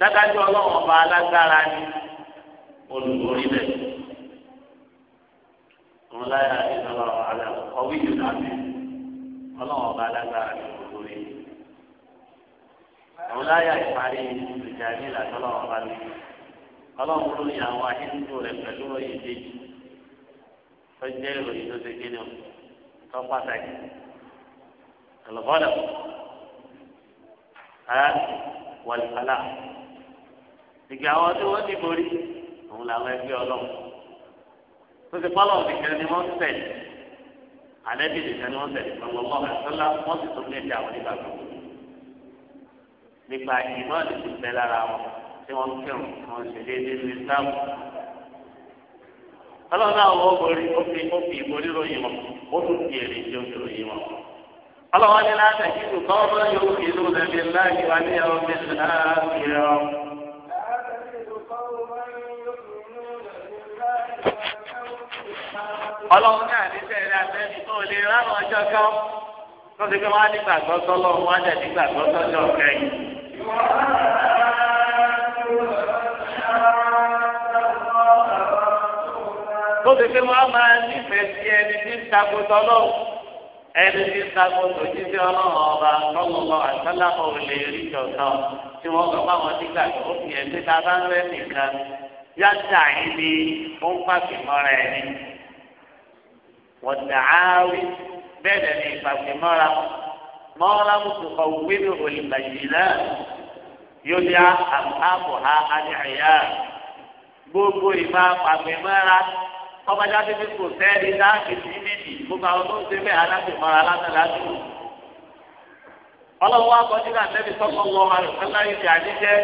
dádájọ́ ọlọ́run ọba alágbára ni olùborí bẹ̀. wọn láyà ìjọba ọ̀hánà ọ̀wí yìí nàbí ọlọ́run ọba alágbára ni olùborí. wọn láyà ìparí ìjà ní ìlànà ọlọ́run ọba mi ọlọ́run ló ní àwọn ahínú rẹ̀ pẹ̀lú òye déjì tó jẹ́ ìròyìn tó ṣe kéde o tó pàtàkì ẹ̀lọ́fọ́dà wàlúfàlà ìgbà àwọn tí wọ́n ti borí òun làwọn ẹgbẹ́ ọlọ́run tó ti pálọ̀ nìkan ni wọ́n tẹ̀ àlẹ́bí nìkan ni wọ́n tẹ̀ pẹ̀lú ọlọ́run àtọ́lá wọ́n sì tún léde àwọn nígbà gbogbo nípa ìmọ̀ àdìsí bẹ́ lára wọn tí wọ́n kírun tí wọ́n ṣe déédéé ní sáàmù. ọlọ́run náà wọ́n borí ó fi ó fi ìborí ròyìn wọn ó tún fi èrè tí ó fi ròyìn wọn. ọlọ́run ní láti ẹ̀kí ọlọ́run náà ní sẹ́yìn àtẹ́ni tó lè ráwọn ọjọ́ kan tó ti fi wá nígbà gbọ́sọ́ lọ́wọ́ wá jẹ́ nígbà gbọ́sọ́ jọ kẹ́yìn. tó ti fi wá máa nífẹ̀ẹ́ sí ẹni tí ń takotọ́ lọ́wọ́ ẹni tí ń takotọ́ jíjẹ́ ọlọ́run ọba lọ́wọ́ àtàlà òun lè rí tí wọ́n gbọ́ báwọn nígbà tó fi ẹ̀ yàtà yìí ni ó ẹni wọ̀dà na bẹ́ẹ̀ dẹ̀ ní mọ́ra mùsùlùmí òwe ní olùbàjì náà yóò ha adìyà gbogbo ìfà pàṣẹ ọbàjá tó kò sẹ́ẹ̀dì láti sí níbi gbogbo àwọn tó ń bẹ́ẹ̀ ọlọ́wọ́ akọ́jú náà sọ́kọ́ ti àdíjẹ́.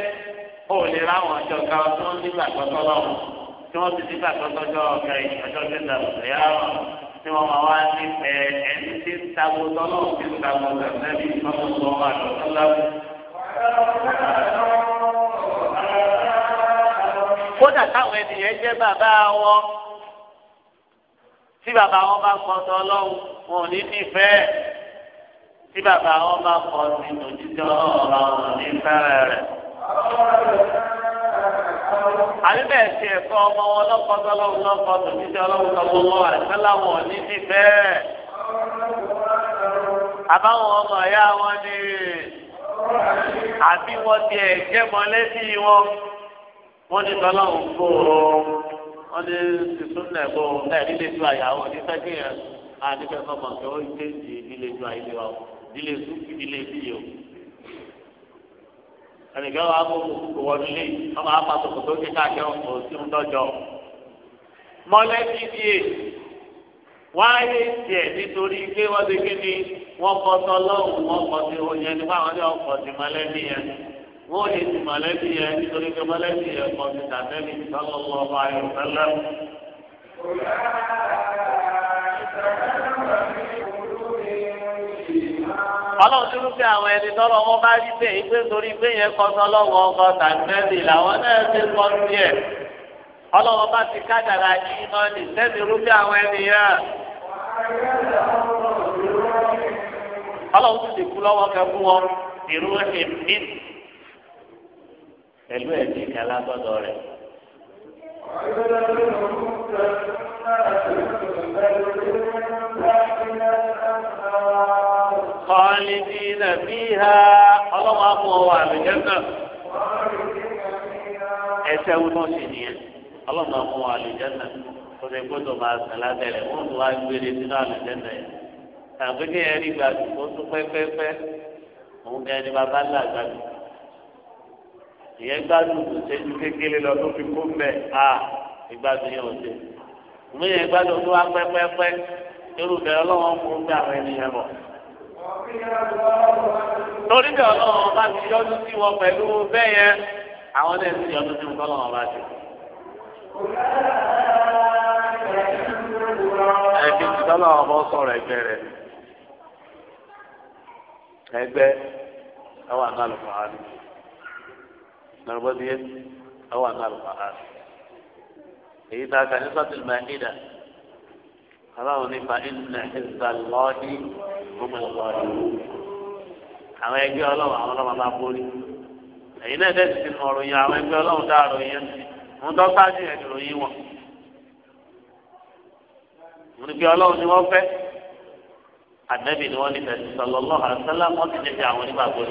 ó lè ráwọn ọjọ́ kan tó ń nígbà tọ́tọ́ lọ́wọ́ tí wọ́n ti nígbà tọ́tọ́ jọ ọ̀gá ìṣọ́jọ́ tẹ̀lé ọ̀rẹ́ àrùn tí wọ́n máa wá ní ẹ ẹni tí ń tagbó tọ́lọ́ ti ń tagbó tẹ̀lé ìṣọ́jọ́ kódà táwọn ènìyàn jẹ́ bàbá wọn tí bàbá wọn bá kọ lọ́wọ́ wọn ò ní nífẹ̀ẹ́ tí bàbá wọn bá kọ sí ìdòjútọ́ ọ̀rọ̀ àbí bẹ́ẹ̀ ṣe ẹ̀kọ́ ọmọ wọn lọ́kọ́tọ́ lọ́wọ́ lọ́kọ́tọ́ jíjẹ́ ọlọ́wọ́ lọ́wọ́ lọ́wọ́ àìsálà wọn ní ti bẹ́ẹ̀. àbáwọn ọmọ ẹ̀yà wọn ni àbí wọn ti ẹ̀jẹ̀ mọ́lẹ́bí wọn wọ́n ní tọ́lọ́hùn kó o wọ́n ní sísúnlẹ̀ kó o ẹ̀ nílé ju àyàwó ní sẹ́kìyàn àdìgbẹ́sọ̀mọ̀ tó ń gbé ìdílé ju àyè ẹnìkan wà kó kókó wọnú ilé wọn máa fa sòkòtò kíkà jẹ òsì ń dọjọ mọlẹbí bíi wáyé tiẹ̀ nítorí pé wọ́n ti kí ni wọ́n kọ́ tọ́lọ́hùn wọ́n kọ́ sí oyin ẹni fáwọn ọdẹ ọkọ̀ sí mọlẹ́bí yẹn wọ́n lè sí mọlẹ́bí yẹn nítorí pé mọlẹ́bí yẹn kọ́ sí tàbẹ́lì sọ́lọ́lọ́ ọba ayọ̀ sẹ́lẹ̀. ọlọ́run dúró pé àwọn ẹni tọ́lọ́ wọn bá rí bẹ́ẹ̀ ìgbé torí pé yẹn kọ́ sọlọ́wọ́ ọkọ tàbí làwọn náà ti kọ́ sí ẹ̀ ọlọ́run bá ti kádàrà yìí náà ní sẹ́mi rú bí àwọn ẹni yẹn. ọlọ́run ti kú lọ́wọ́ kẹ fún wọn ìrú èmi pẹ̀lú ẹ̀jẹ̀ kan lágbọ́dọ̀ rẹ̀. ọ̀rẹ́ khalidina fiha ọlọ́wọ́ àpò wà àlùjẹ́nà ẹsẹ̀ wúlò sí nìyẹn ọlọ́wọ́ àpò wà àlùjẹ́nà kòtò ìgbọ́dọ̀ máa sàn lábẹ́rẹ́ wọ́n tún wá gbére sínú àlùjẹ́nà yẹn àgbẹ̀dẹ̀ yẹn nígbà tó tún pẹ́pẹ́pẹ́ òun bẹ́ẹ̀ ni bàbá ńlá gbàgbé ìyẹn gbádùn ìṣẹ́jú kékeré lọ tó fi kó mbẹ́ a ìgbádùn yẹn ò dé mí yẹn gbádùn tó wá pẹ́pẹ́pẹ́ irú bẹ́ẹ̀ ọlọ́wọ́n mú gbé àwọn ènìyàn torí bí ọlọ́run ọba ti yọjú sí wọn pẹ̀lú bẹ́ẹ̀ yẹn àwọn náà ti yọjú sí wọn lọ́wọ́ ọba jù. ẹ̀kí ti tọ́lọ̀ ọmọ sọ̀rọ̀ ẹgbẹ́ rẹ̀ ẹgbẹ́ ẹwà náà ló fà á ní nàrúbọ́dìyẹ ẹwà náà ló fà á ní. èyí tá a kà ní sọ́tìmọ̀ ẹ̀dá aláwọ̀ nípa ìnà ìzàlọ́ọ̀dì ọmọ ẹ̀kọ́ ìlú àwọn ẹgbẹ́ ọlọ́run àwọn ọlọ́run bá borí ẹ̀yin náà dẹ́sí ti mọ ọ̀ròyìn àwọn ẹgbẹ́ ọlọ́run dá ọ̀ròyìn yẹn wọn tó sáájú ẹ̀ ìròyìn wọn. wọn ní pé ọlọ́run ni wọ́n fẹ́ ànábì ni wọ́n ní fẹ́ sọlọ́lọ́ àṣálá wọn ti dẹ́sí àwọn onígbàgbọ́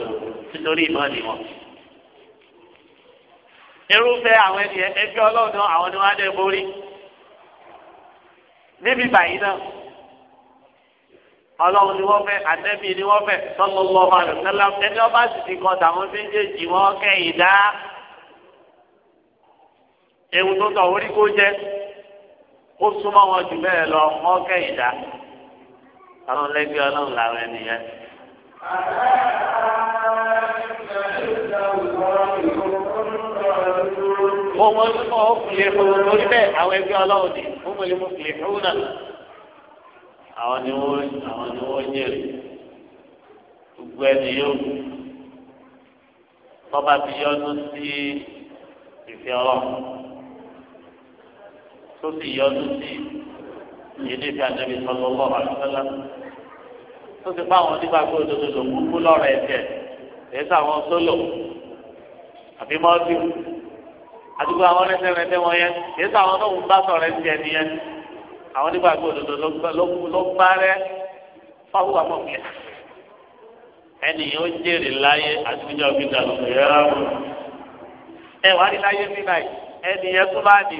nítorí ìmọ̀ ni wọn. irúfẹ́ àwọn ẹgbẹ́ ọlọ́run àwọn ni wọ́n á dẹ́ borí níbi báyìí náà ọlọ́run ni wọ́n fẹ́ ànábì ni wọ́n fẹ́ sallallahu alaihi wasallam ẹni ọba sì ti kọ́ tàwọn méjèèjì wọn kẹ́ ìdá ewu tó tọ̀ orí kó jẹ́ ó súnmọ́ wọn jù bẹ́ẹ̀ lọ wọn kẹ́ ìdá àwọn lẹ́gbẹ́ ọlọ́run làwọn ènìyàn. wọ́n wọ́n fún ọ kùlẹ̀ fún lórí bẹ́ẹ̀ àwọn ẹgbẹ́ ọlọ́run ni wọ́n mọ̀ lé mọ̀ kùlẹ̀ fún náà àwọn ni wọ́n àwọn ni wọ́n jẹ̀rì gbogbo ẹni yóò tọ́ba ti yọdún sí ìfẹ́ ọlọ́run tó sì yọdún sí ìdí tí a tẹ̀lé sọ́dọ̀ ọlọ́run àtúntàlá tó ti pa àwọn nígbà tó dodo lò kúkú lọ́rọ̀ ẹ̀jẹ̀ sàwọn sólò àbí mọ́tò àdúgbò àwọn ẹlẹ́sẹ̀ rẹ̀ tẹ́wọ̀n yẹn èyí sàwọn náà ń bá sọ̀rọ̀ ẹ̀jẹ̀ nìyẹn àwọn nígbà tó dodo ló gbá rẹ fáwọn àwọn ọmọ yẹn ẹni yóò jèrè láyé àtúnjọ gbígbà lọ yẹ ẹ wà ní láyé bí báyìí ẹni yẹn tó bá di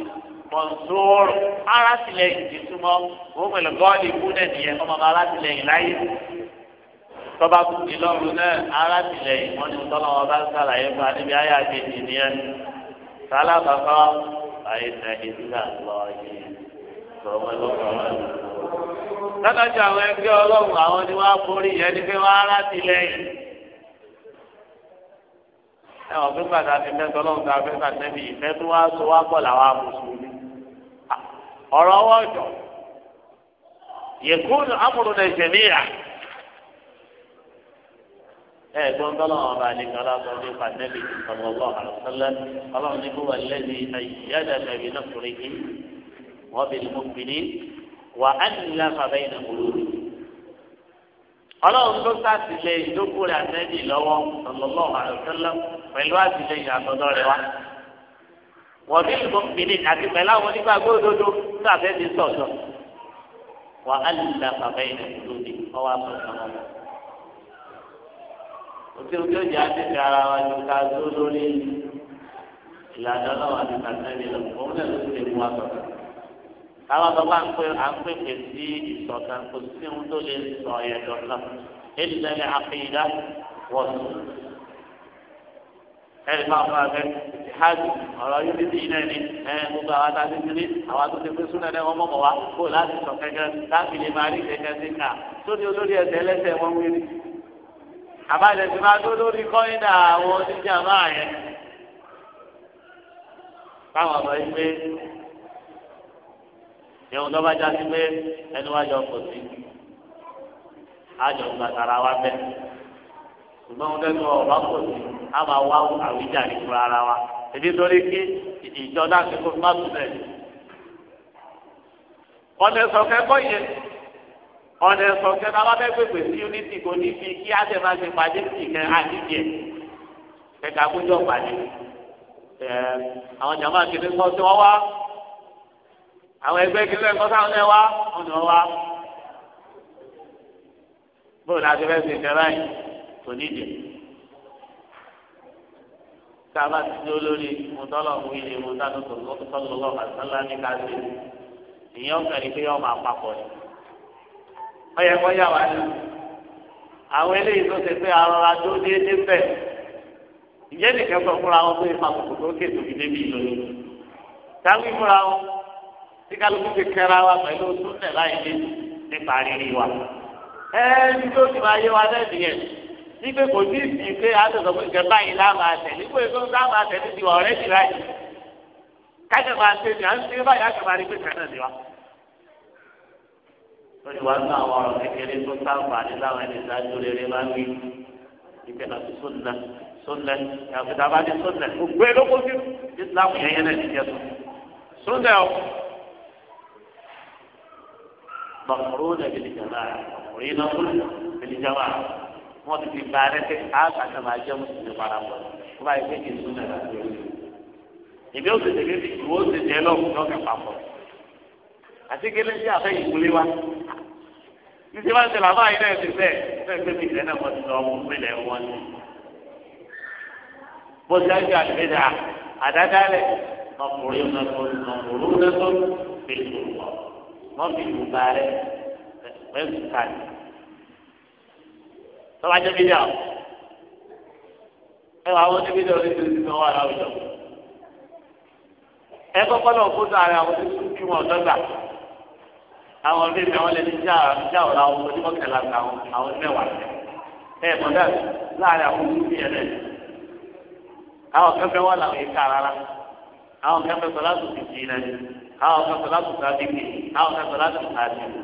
mọ̀nsóòrò arásìlẹ̀yìn ti túmọ̀ òun pẹ̀lú gọ́ọ̀lì ikú náà nìyẹn ọmọ ọmọ arásìlẹ̀yìn láyé tọ́ba kù ní lọ́rùn náà arásìlẹ̀yìn wọn ni tọ́lọ́wọ́ bá ń sàlàyé fún adébí ayé àgbèjì nìyẹn sálábàbà àyè sàyè sílẹ̀ lọ́ọ́ yìí. sọ̀rọ̀ wọn lọ́kàn ndị Lákàtí àwọn ẹgbẹ́ ọlọ́run àwọn ni wọ́n á borí yẹn ni pé wọ́n á láti lẹ́yìn. Ẹ wọ́n وبالمؤمنين وألف بين قلوبهم ọlọ́run tó sàtìlẹ́yìn tó kúrẹ́ àtẹ́jì lọ́wọ́ sallallahu alaihi wasallam pẹ̀lú àtìlẹ́yìn àtọ́dọ́ rẹ wá. wọ́n bí ìgbọ́npinni àti pẹ̀lú àwọn onígbàgbọ́ òdodo tó àtẹ́jì sọ̀tọ̀. wà á lè la bàbá yìí lẹ́yìn lóde ọwọ́ àbọ̀ sọ́mọ́ lọ. òtí ojú ọjà ti ara wa ju ká dúró lórí ìlànà ọlọ́run àti pàtẹ́jì lọ káwọn bàbá ń pè à ń pè pè sí ìṣọ̀kan kò sí ohun tó lè sọ ẹ̀dọ̀ náà ìlẹ̀ àfihàn wọ̀ sí. ẹ̀rí máa fọ abẹ́ ìhájú ọ̀rọ̀ yìí ti ilẹ̀ ni ẹ̀ gbogbo àwọn tá ti ti àwọn tó ti pé súnlẹ̀ náà wọ́n mọ̀ wá kó láti sọ kẹ́kẹ́ láti lè máa rí kẹ́kẹ́ sí ká sórí olórí ẹ̀sẹ̀ ẹlẹ́sẹ̀ wọn wí rí. àbájá ti máa dó lórí kọ́ńdà àwọn oníjà yẹn. káwọn ọ̀rọ̀ ìyẹn lọ́ba já sí pé ẹni wájú ọkọ̀ sí àjọ gbàtàrà wa bẹ́ẹ̀ ṣùgbọ́n wọn kẹ́kọ̀ọ́ ọba kò sí a máa wá àwíjàre fúnra ara wa èdè torí kí ìjọ náà ti kó má tún bẹ́ẹ̀. ọ̀nà ìsọ̀kẹ́ kọ́ yẹn ọ̀nà ìsọ̀kẹ́ náà wá bẹ́ẹ̀ pèpè sí unity kò ní fi kí á tẹ̀ máa pàdé sí ìkẹ́ àdìdì ẹ̀ kẹ̀kẹ́ àkójọ pàdé. àwọn jàmbá kìíní kan tí wọ́n wá àwọn ẹgbẹ́ kí lóyún kọ́sá ọ̀nà wa ọ̀nà wa bóòlù àti bẹ́ẹ̀ sì jẹ́ báyìí kò nídìí tá a bá ti dé olórí mọ́tọ́lọ̀ mú ilé mọ́tọ́lọ̀ sọ́lọ́ lọ́wọ́ àtàlá ní ká sí ìyẹn ọ̀kẹ́ ni pé ọmọ àpapọ̀ ni ọyẹ kọ́ yà wá ní àwọn eléyìí tó ṣe pé arọra tó déédéé bẹ̀ ìyẹn nìkan sọ fúnra wọn pé ìfàkùkù tó kéde òbí débi ìlú táwọn ìfúnra wọn tí kálukú ti kẹ́ra wa pẹ̀lú súnlẹ̀ láì dé nípa rírí wa. ẹ ẹni tó ti máa yé wa náà nìyẹn nígbè kò ní ìsìn pé àtọ̀tọ̀ pé ìjọba yìí lá máa tẹ̀ nígbè tó ń dá máa tẹ̀ ní ti ọ̀rẹ́ ti láì kájà máa ṣe ní à ń ṣe báyìí àgbà máa rí pé kàn náà ni wa. lórí wa nínú àwọn ọ̀rọ̀ kékeré tó sáǹfààní láwọn ẹni ìdájọ́ rere máa ń wí ìpè àti sunna sunna àti tàbá ní sunna gbogbo ẹ lóko sí islam yẹn yẹn náà ti jẹ sunna mọ̀kúrúnà bìlìjàmá mọ̀kúrúnà kúlù bìlìjàmá wọ́n ti fi ba ẹrẹ́ pé àgbàdo máa jẹ́ mùsùlùmí parapọ̀ wọ́n bá yẹ pé kì í sún náà láti orí ìbí òsè tèmi bí ìwọ òsè tèmi lọ́wọ́ lọ́kẹ́ papọ̀ àti kéde sí àfẹ́ ìkúlé wa títí wá ń tẹ̀lé àbá yìí náà ti fẹ́ fẹ́ gbé mi ìrẹ́ náà wọ́n ti lọ ọmọ ìpínlẹ̀ wọn ni bó ti á jẹ́ àdìmẹ́ta àdádálẹ̀ ọkùnrin náà tó ń lọ òru náà tó ń fi ìlú wọn. wọ́n fi bùbá rẹ̀ pẹ̀lú kàdé. tọ́wọ́ ajé bíbí àwọn ẹ wà wọ́n níbi lórí ìlú ìlú wà láwùjọ. ẹ kọ́kọ́ lọ fún sáré àwọn kí wọn àwọn mi àwọn lè ní ọ̀la àwọn àwọn àwọn ẹ láàrin àwọn àwọn rárá. àwọn sọ náà àwọn kan sọlá tó sáà bíbí àwọn kan sọlá tó sáà bíbí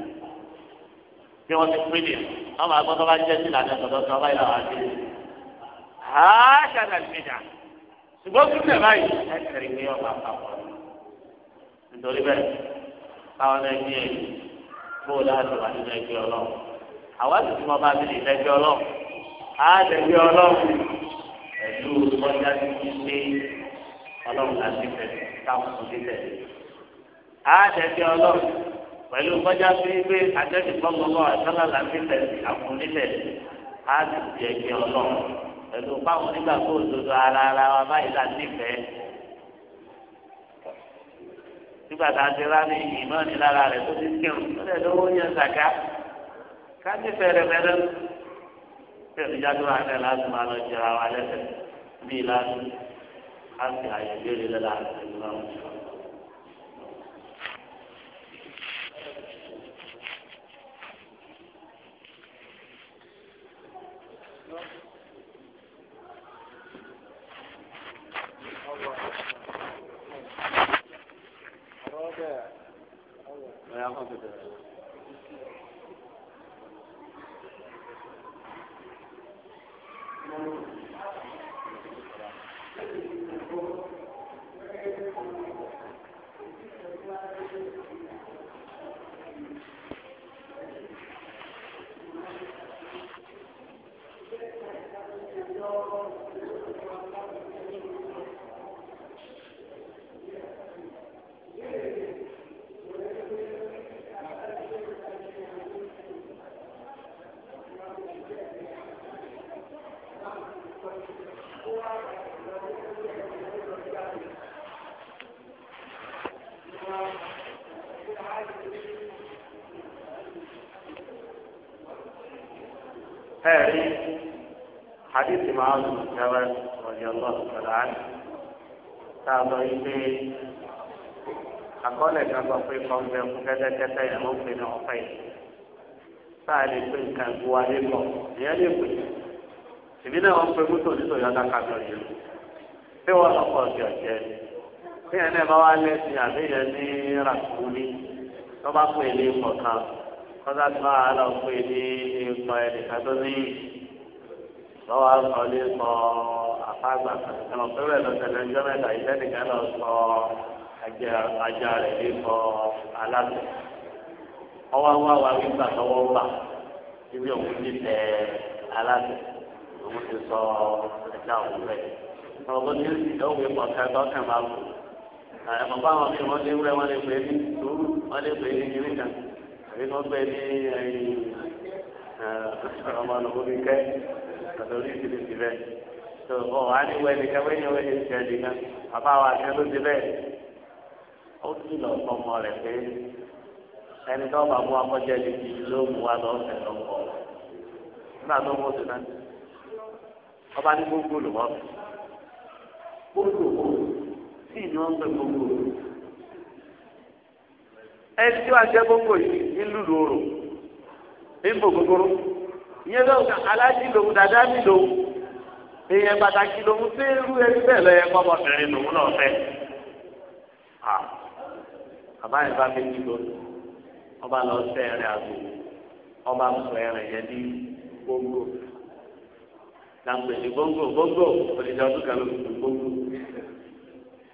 bí wọ́n ti pín ní wọ́n máa gbọ́dọ̀ bá jẹ́ sí ìlànà ìtọ́jọ́ sọ báyìí làwọn àti àṣàdà ìgbéjà ṣùgbọ́n tún tẹ̀ báyìí ẹ̀sẹ̀rì pé ọba àpapọ̀ nítorí bẹ́ẹ̀ káwọn náà gbé bóò láti wà nínú ẹgbẹ́ ọlọ́run àwọn àti tí wọ́n bá ti lè lẹ́gbẹ́ ọlọ́run á lẹ́gbẹ́ ọlọ́run ọlọ́run láti àádẹ́bí ọlọ́run pẹ̀lú kọjá sí pé àtẹ́bí gbọ́gbọ́gbọ́ àtọ́lá làbí tẹ̀sí àkùnrin tẹ̀sí á sì ti ẹ̀gbẹ́ ọlọ́run pẹ̀lú báwọn nígbà tó òdodo ara ara wa báyìí là nífẹ̀ẹ́. nígbà tá a ti rá ní ìyìn náà ní lára rẹ̀ tó ti kírun tó lè lówó yẹn sàká ká nífẹ̀ẹ́ rẹ̀ mẹ́rẹ́ bí ìjà tó wà náà láti máa lọ jẹra wa lẹ́sẹ̀ bí ìlànà á sì àyè ẹ̀rí hadithi máa ń sọ̀rọ̀ ọ̀dì ọlọ́run sọ̀rọ̀ àná tá a lọ yí pé àkọọ́lẹ̀ kan sọ pé kọ́ńbẹ́ fún kẹ́tẹ́kẹ́tẹ́ ìyàwó pé ní ọ̀fẹ́ yìí tá a lè pé nǹkan ìbú wa lè pọ̀ ìyẹn lè pè ìbí náà wọ́n pe mọ́tò nítorí ọ̀dà kájọ yìí kọ́dà tó a lọ pé ní ìmọ̀ ẹnìkan tó ní lọ́wọ́ àgbà sọ àfáàgbà kan lọ pẹ́rẹ́ lọ́sẹ̀lẹ̀ ẹjọ́ mẹ́ta ìfẹ́ nìkan lọ sọ ajá rẹ̀ lè sọ aláṣẹ. ọwọ́ wá wá wípà tọwọ́ wà ibi òun ti tẹ aláṣẹ òun ti sọ ẹ̀dá òun rẹ̀. ọ̀gbọ́n ní ìdánwò ìpọ̀kẹ́ tọ́kẹ̀ máa kù. àyẹ̀mọ̀ báwọn mi wọ́n lé wẹ́ wọ́n lè pè é ní àbí tó gbé ní ọmọ ọlọ́mọ mi kẹ́ àtọ́rí ìdílé ti bẹ́ẹ̀ tó ọ wá ní wẹ́ nìkan wẹ́ ní wẹ́ ní ìṣẹ́ nìkan bàbá wa kẹ́ ló ti bẹ́ẹ̀ ó sì lọ sọmọ rẹ̀ pé ẹni tó bá mú akọ́jẹ́ ní ti ló mú wa lọ́sẹ̀ lọ́kọ̀ọ́ nígbà tó mú òsì náà ọba ní gbogbo lò gbogbo tí ìní wọn gbé gbogbo lò ẹni tí wàá jẹ gbogbo yìí nílùú lòrò níbo gbogbo ìyẹn lọ alájí lòun dàda mi lòun èèyàn pàtàkì lòun sí irú ẹni bẹ́ẹ̀ lọ yẹ kọ́mọbìnrin lòun náà fẹ́ àbá yẹn bá méjì lọ ọba lọ sẹ ẹrẹ àgbo ọba sọ ẹrẹ yẹn ní gbogbo làǹgbẹ̀dì gbogbo gbogbo òdìjà ọdún kan ló fi gbogbo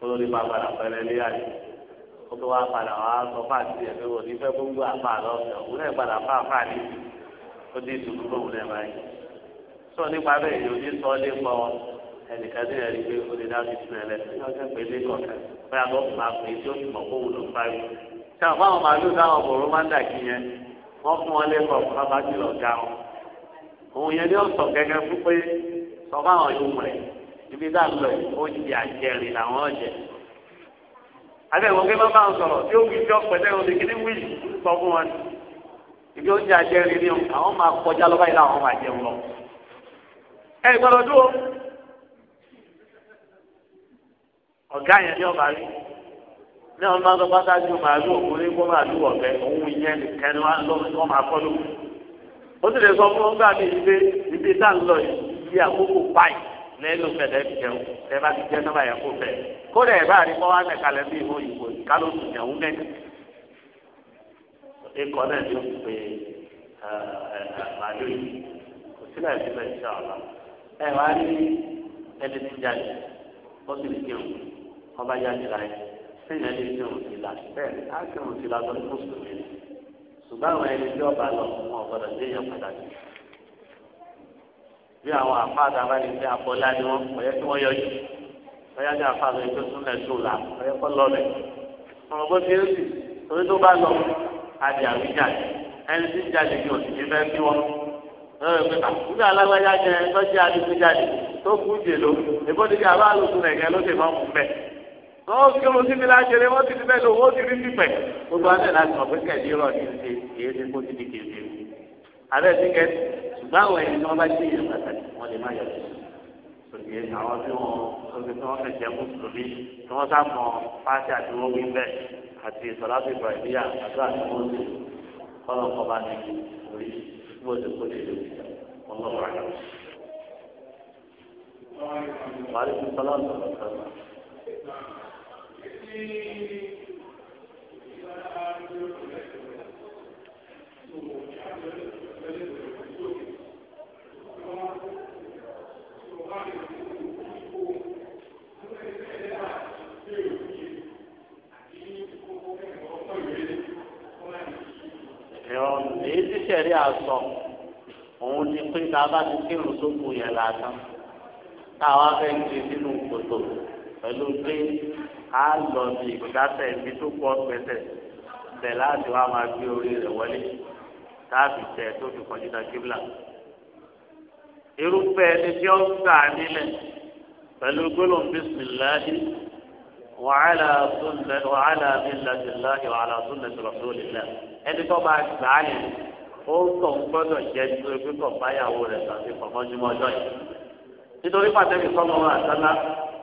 olórí bàbá làpẹrẹ léyà yìí ó tó wá padà wá sọ fáàtì ẹ̀ pé wọ́n ní fẹ́ gbogbo àpá lọ́sẹ̀ òun náà padà fá àpá ní ó dé ìdùnnú lóhùn náà báyìí. sọ nípa bẹ́ẹ̀ yóò ní sọ ọ́ nípa ọ ẹnìkan tí ẹ̀rí pé ó lè dá fi sinmi ẹlẹ́ tí wọ́n fẹ́ pé ní kọ̀ọ̀kan bóyá tó máa pè é tí ó fi mọ̀ kóhùn ló parí. ṣé àwọn àwọn màálùú táwọn ọ̀bọ̀rún máa ń dà kí yẹn wọ́n fún wọn lẹ́kọ̀ọ́ abẹ́wò kí wọ́n bá ń sọ̀rọ̀ tí ó wí tí ọ̀pẹ lẹ́yìn omi kíní wí sọ fún wọn. ibi oúnjẹ àjẹrin ni àwọn máa kọjá lọ́ba yìí láwọn máa jẹun lọ. ẹ gbọ́dọ̀ dúró ọ̀gá yẹn ní ọba rí ní ọmọ máa ń sọ pátájú màálù òkúrin kó màálù ọ̀bẹ òun ìyẹn nìkan ni wọ́n máa kọ́ lóko. ó sì lè sọ fún ọgbà mi ìgbé ìgbé tá à ń lọ yìí lẹ́nu fẹ̀lẹ́ ti jẹun tẹ bá ti jẹ nọ́mbà yẹn kó fẹ́ kódà ẹ̀ bá rí kọ́ wá mẹ́kalẹ̀ bí ìwọ ìwò káló ti jẹun mẹ́ni. ikọ̀ náà ni ó ti pe àgbàdo yìí kò sílẹ̀ sílẹ̀ ṣe ọ̀la ẹ wá rí ẹni tí jáde ó sì jẹun ọba jáde láyé sẹ́yìn ẹni tí òun ti là bẹ́ẹ̀ á sì òun ti là lọ́dún mùsùlùmí ṣùgbọ́n àwọn ẹni tí ọba lọ bí àwọn àfáàdà abáni fi àbọ̀lá ni wọ́n ọ̀yẹ́ kí wọ́n yọjú ọ̀yẹ́ kí àfáàdà yìí tó tún lẹ̀ tó là ọ̀yẹ́ kọ́ lọ́lẹ̀. ọ̀rọ̀ bó ti ń sì torí tó bá lọ adì àwíjàdì ẹni tí jáde ní òsì ní fẹ́ẹ́ bí wọn. lọ́wọ́ pé àkúrò alágbájá jẹ lọ́jọ́ adigunjalè tó kú jè ló èbó ti di àbá àlùkù nàìjíríà ló ti máa mú bẹ́ẹ̀. lọ́wọ́ kí oorun sí mi láṣẹlẹ̀ wọ́n ti ti bẹ́ẹ̀ lò wọ́n ti rí pípẹ́. gbogbo àná láti mọ̀ pé kẹ̀lé rọ̀ ní ti èyí ti kó ti di kèké. àbẹ́ẹ̀ ti kẹ́ ṣùgbọ́n ẹni tí wọ́n bá jẹ́ èèyàn pàtàkì wọ́n lè má yọ sókè àwọn tí wọ́n sókè tí wọ́n fẹ́ jẹ́ mùsùlùmí tí wọ́n sáà mọ pàṣẹ àti wọ́n wí bẹ́ẹ̀ àti ìsọ̀láṣí ìbàdíyà àti àtúnwọ́sí kọ́lọ̀ kọ́ba ní orí bó ti kó lè lò ọlọ́wọ́ àná. Wàhálà ìsọ̀lá ọ̀sán Thank you. èyí tí sẹ̀rí àsọ òun ni pé tá a bá ti kírun sóko yẹn lásán táwa fẹ́ gbé sínú kòtò pẹ̀lú pé a lọ ní ìgbésẹ̀ ibi tó pọ̀ pẹ̀sẹ̀ bẹ̀ láti wá máa gbé orí rẹ̀ wọlé táàbì tẹ̀ tó fi kọjú ta kíbla irúfẹ́ ẹni tí ó ń gbà nílẹ̀ pẹ̀lú gbólóhùn bísíláàdì wàhálà sunna wàhálà bíláàdìláàdì wàhálà sunna rasulillah ẹni tó bá gbà á yẹn ó kàn gbọ́dọ̀ jẹ́ ju ebi kàn báyàwó rẹ̀ tàbí pọ̀mọ́júmọ́ ọjọ́ yìí. nítorí pàtẹ́bí sọ́mọ́ wọn àtàlá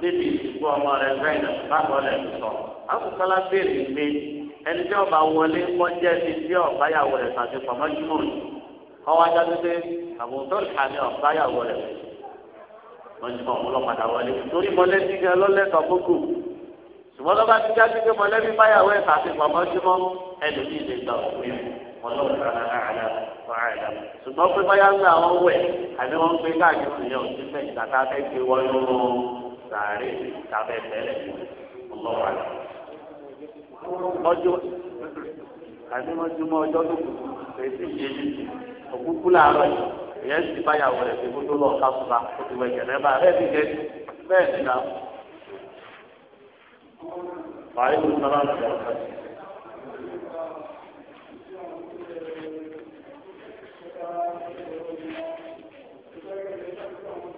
níbi ìsìnkú ọmọ rẹ̀ zainab bákan rẹ̀ sọ. àkùkọ́lá béèrè pé ẹni tí ọba wọlé wọ́n jẹ́ ti tí ọ̀báyàwó ọwọ́ ajá tó dé àbòtó ìkànnì ọ̀gbáyàwó rẹ̀ wọ́n ti mọ òun lọ padà wọlé torí mọ̀lẹ́bí gan lọ́lẹ́tọ̀ gbogbo ṣùgbọ́n lọ́ba ti já sí pé mọ̀lẹ́bí báyàwó ẹ̀ kàfi pamọ́ sí mọ́ ẹlòmíì lè gba òfin ọlọ́run rárá rárá rárá ṣùgbọ́n pé báyà ń gba àwọn wẹ̀ àbí wọ́n ń gbé káàkiri yẹn òsì fẹ́ ìtàkà fẹ́ gbé wọ́n lóró sàárè tàbẹ́ tẹ́lẹ̀ ọlọ́run ọjọ́ àbí wọ́n ti mọ ọjọ́ tó kù òkúkú làárọ̀ yìí èyàn sì báyàwó rẹ̀ fi kótó lọ kásùlá kó ti wẹ̀ jẹ̀rẹ̀ bá rẹ̀ ti jẹ́ bẹ́ẹ̀ ni nà. Bàálí ló ń bẹ̀rẹ̀ ọ̀sẹ̀. Thank you.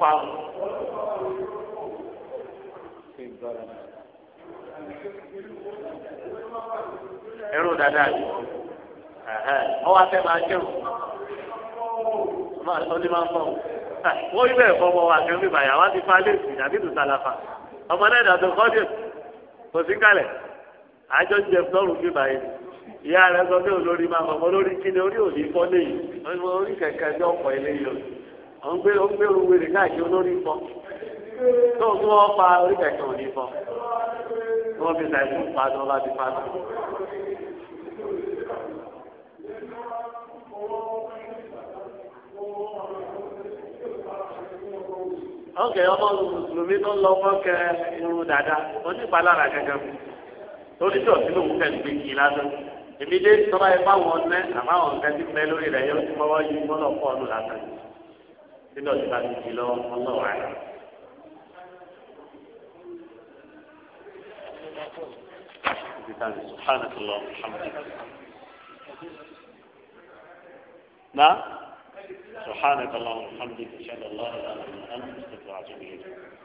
pa ọ. ẹrú dáadáa yìí ọ wá fẹ́ máa jẹun máa tọ́jú máa ń bọ̀ wọ́n yí bẹ́ẹ̀ fọ́ ọmọ wa wá ti fa sí ìdàbí tó sàlàfà ọmọ náà dàtọ̀ kọ́jú kò sí kálẹ̀ àjọ jẹ fúlọ́rù bíbá yìí ìyá rẹ sọ pé olórí máa mọ̀ olórí kí ni orí òní fọ́ léyìí orí kẹ̀kẹ́ ọ̀pọ̀ eléyìí òun gbé òun gbé òun wèrè káàkiri olórí fọ tó ń wọ́n pa orí kẹ̀kẹ́ òní fọ tí wọ́n fi sàìsì ń pa tí wọ́n bá ti pa tó. ọ̀kẹ́ ọmọ mùsùlùmí tó ń lọ fọ́kẹ́ irun dáadáa onípalára gẹ́gẹ́ mu torí tí òsínú òun fẹ́ gbé kí lásán èmi dé tọ́ba ẹ bá wọn àbáwọn nǹkan ti pẹ́ lórí rẹ̀ yóò ti fọwọ́ yí mọ́lọ̀ ọdún lásán. síbẹ̀ ọ̀sẹ̀ bá ti di lọ ọlọ́wà rẹ̀. سبحانك اللهم وبحمدك نعم سبحانك اللهم وبحمدك اشهد ان لا اله الا انت استغفرك واتوب اليك